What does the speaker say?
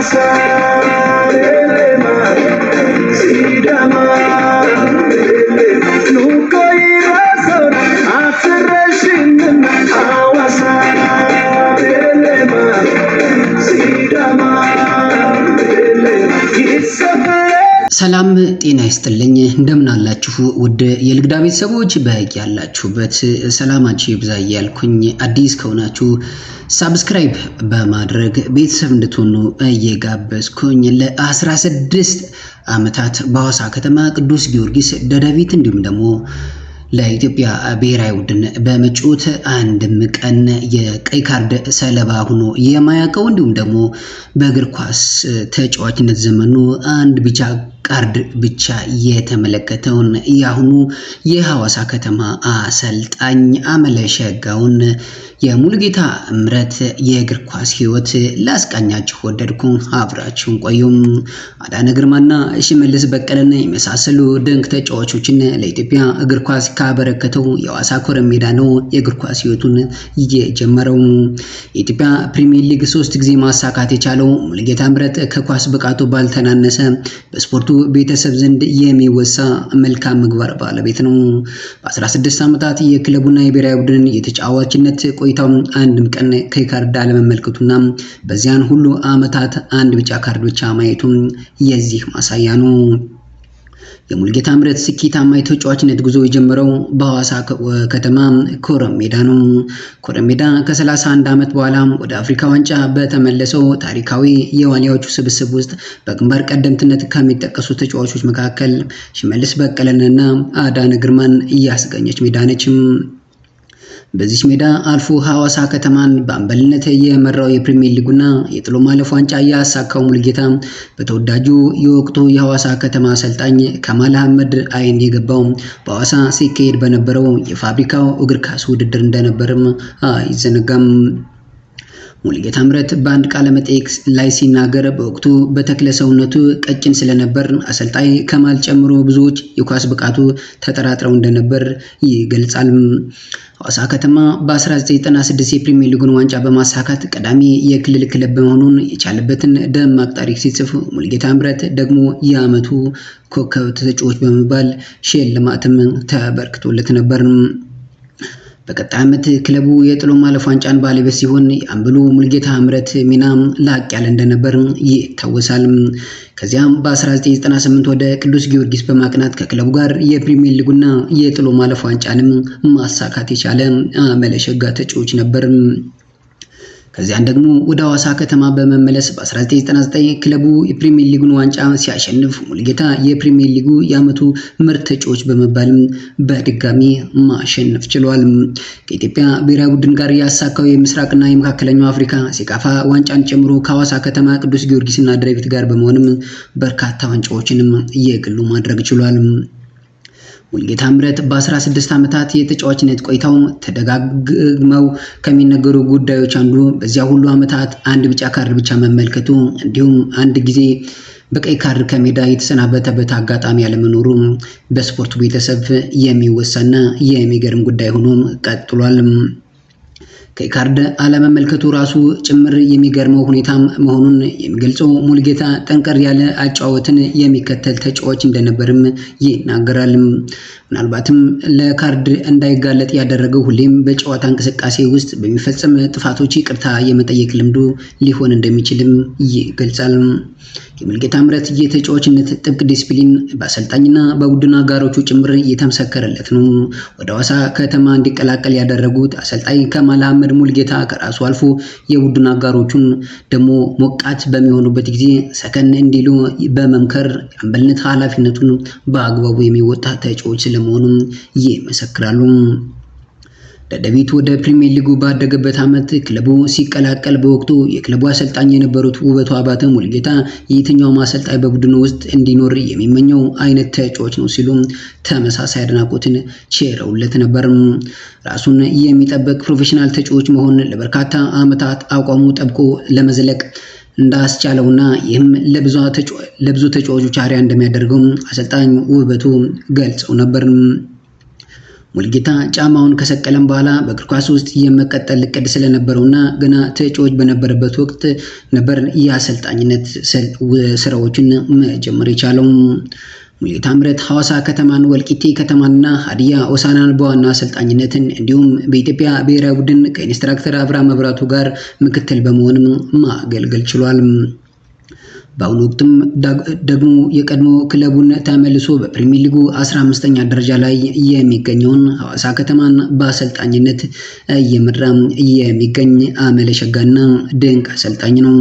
coração ሰላም ጤና ይስጥልኝ። እንደምን አላችሁ ውድ የልግዳ ቤተሰቦች፣ ያላችሁበት ሰላማችሁ ይብዛ እያልኩኝ አዲስ ከሆናችሁ ሳብስክራይብ በማድረግ ቤተሰብ እንድትሆኑ እየጋበዝኩኝ ለ16 ዓመታት በሐዋሳ ከተማ ቅዱስ ጊዮርጊስ ደደቢት እንዲሁም ደግሞ ለኢትዮጵያ ብሔራዊ ቡድን በመጫወት አንድም ቀን የቀይ ካርድ ሰለባ ሆኖ የማያውቀው እንዲሁም ደግሞ በእግር ኳስ ተጫዋችነት ዘመኑ አንድ ቢጫ ካርድ ብቻ የተመለከተውን የአሁኑ የሐዋሳ ከተማ አሰልጣኝ አመለ ሸጋውን የሙሉጌታ እምረት የእግር ኳስ ህይወት ላስቃኛችሁ ወደድኩ። አብራችሁን ቆዩም። አዳነ ግርማና ሽመልስ በቀለን የመሳሰሉ ድንቅ ተጫዋቾችን ለኢትዮጵያ እግር ኳስ ካበረከተው የሐዋሳ ኮረም ሜዳ ነው የእግር ኳስ ህይወቱን የጀመረው። የኢትዮጵያ ፕሪሚየር ሊግ ሶስት ጊዜ ማሳካት የቻለው ሙሉጌታ እምረት ከኳስ ብቃቱ ባልተናነሰ በስፖርቱ ቤተሰብ ዘንድ የሚወሳ መልካም ምግባር ባለቤት ነው። በ16 ዓመታት የክለቡና የብሔራዊ ቡድን የተጫዋችነት ቆይታው አንድም ቀን ቀይ ካርድ አለመመልከቱና በዚያን ሁሉ ዓመታት አንድ ቢጫ ካርድ ብቻ ማየቱም የዚህ ማሳያ ነው። የሙልጌታ ምረት ስኬታማ የተጫዋችነት ጉዞ የጀመረው በሐዋሳ ከተማ ኮረም ሜዳ ነው። ኮረም ሜዳ ከ31 ዓመት በኋላ ወደ አፍሪካ ዋንጫ በተመለሰው ታሪካዊ የዋሊያዎቹ ስብስብ ውስጥ በግንባር ቀደምትነት ከሚጠቀሱ ተጫዋቾች መካከል ሽመልስ በቀለንና አዳነ ግርማን እያስገኘች ሜዳ ነችም። በዚች ሜዳ አልፎ ሐዋሳ ከተማን በአምበልነት የመራው የፕሪሚየር ሊጉና የጥሎ ማለፍ ዋንጫ ያሳካው ሙልጌታ በተወዳጁ የወቅቱ የሐዋሳ ከተማ አሰልጣኝ ከማል አህመድ አይን የገባው በሐዋሳ ሲካሄድ በነበረው የፋብሪካው እግር ኳስ ውድድር እንደነበርም አይዘነጋም። ሙሉጌታ ምረት በአንድ ቃለ መጠይቅ ላይ ሲናገር በወቅቱ በተክለ ሰውነቱ ቀጭን ስለነበር አሰልጣኝ ከማል ጨምሮ ብዙዎች የኳስ ብቃቱ ተጠራጥረው እንደነበር ይገልጻል። ሐዋሳ ከተማ በ1996 የፕሪሚየር ሊጉን ዋንጫ በማሳካት ቀዳሚ የክልል ክለብ በመሆኑን የቻለበትን ደማቅ ታሪክ ሲጽፍ ሙሉጌታ ምረት ደግሞ የዓመቱ ኮከብ ተጫዋች በመባል ሽልማትም ተበርክቶለት ነበር። በቀጣይ ዓመት ክለቡ የጥሎ ማለፍ ዋንጫን ባለቤት ሲሆን የአምበሉ ሙልጌታ ምህረት ሚናም ላቅ ያለ እንደነበር ይታወሳል። ከዚያም በ1998 ወደ ቅዱስ ጊዮርጊስ በማቅናት ከክለቡ ጋር የፕሪሚየር ሊጉና የጥሎ ማለፍ ዋንጫንም ማሳካት የቻለ አመለሸጋ ተጫዋች ነበር። ከዚያን ደግሞ ወደ ሐዋሳ ከተማ በመመለስ በ1999 ክለቡ የፕሪሚየር ሊጉን ዋንጫ ሲያሸንፍ ሙልጌታ የፕሪሚየር ሊጉ የዓመቱ ምርጥ ተጫዋች በመባልም በድጋሚ ማሸነፍ ችሏል። ከኢትዮጵያ ብሔራዊ ቡድን ጋር ያሳካው የምስራቅና የመካከለኛው አፍሪካ ሴካፋ ዋንጫን ጨምሮ ከሐዋሳ ከተማ ቅዱስ ጊዮርጊስና ደደቢት ጋር በመሆንም በርካታ ዋንጫዎችንም የግሉ ማድረግ ችሏል። ሙሉጌታ ምረት በ16 ዓመታት የተጫዋችነት ቆይታው ተደጋግመው ከሚነገሩ ጉዳዮች አንዱ በዚያ ሁሉ ዓመታት አንድ ቢጫ ካርድ ብቻ መመልከቱ እንዲሁም አንድ ጊዜ በቀይ ካርድ ከሜዳ የተሰናበተበት አጋጣሚ ያለመኖሩ በስፖርቱ ቤተሰብ የሚወሳና የሚገርም ጉዳይ ሆኖ ቀጥሏል። ቀይ ካርድ አለመመልከቱ ራሱ ጭምር የሚገርመው ሁኔታ መሆኑን የሚገልጸው ሙልጌታ ጠንቀር ያለ አጫወትን የሚከተል ተጫዋች እንደነበርም ይናገራል። ምናልባትም ለካርድ እንዳይጋለጥ ያደረገው ሁሌም በጨዋታ እንቅስቃሴ ውስጥ በሚፈጸም ጥፋቶች ይቅርታ የመጠየቅ ልምዱ ሊሆን እንደሚችልም ይገልጻል። የሙልጌታ ምረት የተጫዋችነት ጥብቅ ዲስፕሊን በአሰልጣኝና በቡድን አጋሮቹ ጭምር እየተመሰከረለት ነው። ወደ ሐዋሳ ከተማ እንዲቀላቀል ያደረጉት አሰልጣኝ ከማል አህመድ ሙልጌታ ከራሱ አልፎ የቡድን አጋሮቹን ደግሞ ሞቃት በሚሆኑበት ጊዜ ሰከን እንዲሉ በመምከር የአምበልነት ኃላፊነቱን በአግባቡ የሚወጣ ተጫዋች ስለመሆኑም ይመሰክራሉ። ደደቢት ወደ ፕሪሚየር ሊጉ ባደገበት ዓመት ክለቡ ሲቀላቀል በወቅቱ የክለቡ አሰልጣኝ የነበሩት ውበቱ አባተ ሙልጌታ የትኛውም አሰልጣኝ በቡድኑ ውስጥ እንዲኖር የሚመኘው አይነት ተጫዋች ነው ሲሉ ተመሳሳይ አድናቆትን ቸረውለት ነበር። ራሱን የሚጠበቅ ፕሮፌሽናል ተጫዋች መሆን ለበርካታ ዓመታት አቋሙ ጠብቆ ለመዝለቅ እንዳስቻለውና ይህም ለብዙ ተጫዋቾች አርአያ እንደሚያደርገው አሰልጣኝ ውበቱ ገልጸው ነበር። ሙልጌታ ጫማውን ከሰቀለም በኋላ በእግር ኳስ ውስጥ የመቀጠል እቅድ ስለነበረውና ገና ተጫዋች በነበረበት ወቅት ነበር የአሰልጣኝነት ስራዎችን መጀመር የቻለው። ሙልጌታ ምህረት ሐዋሳ ከተማን፣ ወልቂቴ ከተማንና ሀዲያ ሆሳዕናን በዋና አሰልጣኝነትን እንዲሁም በኢትዮጵያ ብሔራዊ ቡድን ከኢንስትራክተር አብርሃም መብራቱ ጋር ምክትል በመሆንም ማገልገል ችሏል። በአሁኑ ወቅትም ደግሞ የቀድሞ ክለቡን ተመልሶ በፕሪሚየር ሊጉ 15ኛ ደረጃ ላይ የሚገኘውን ሐዋሳ ከተማን በአሰልጣኝነት እየመራ የሚገኝ አመለሸጋና ድንቅ አሰልጣኝ ነው።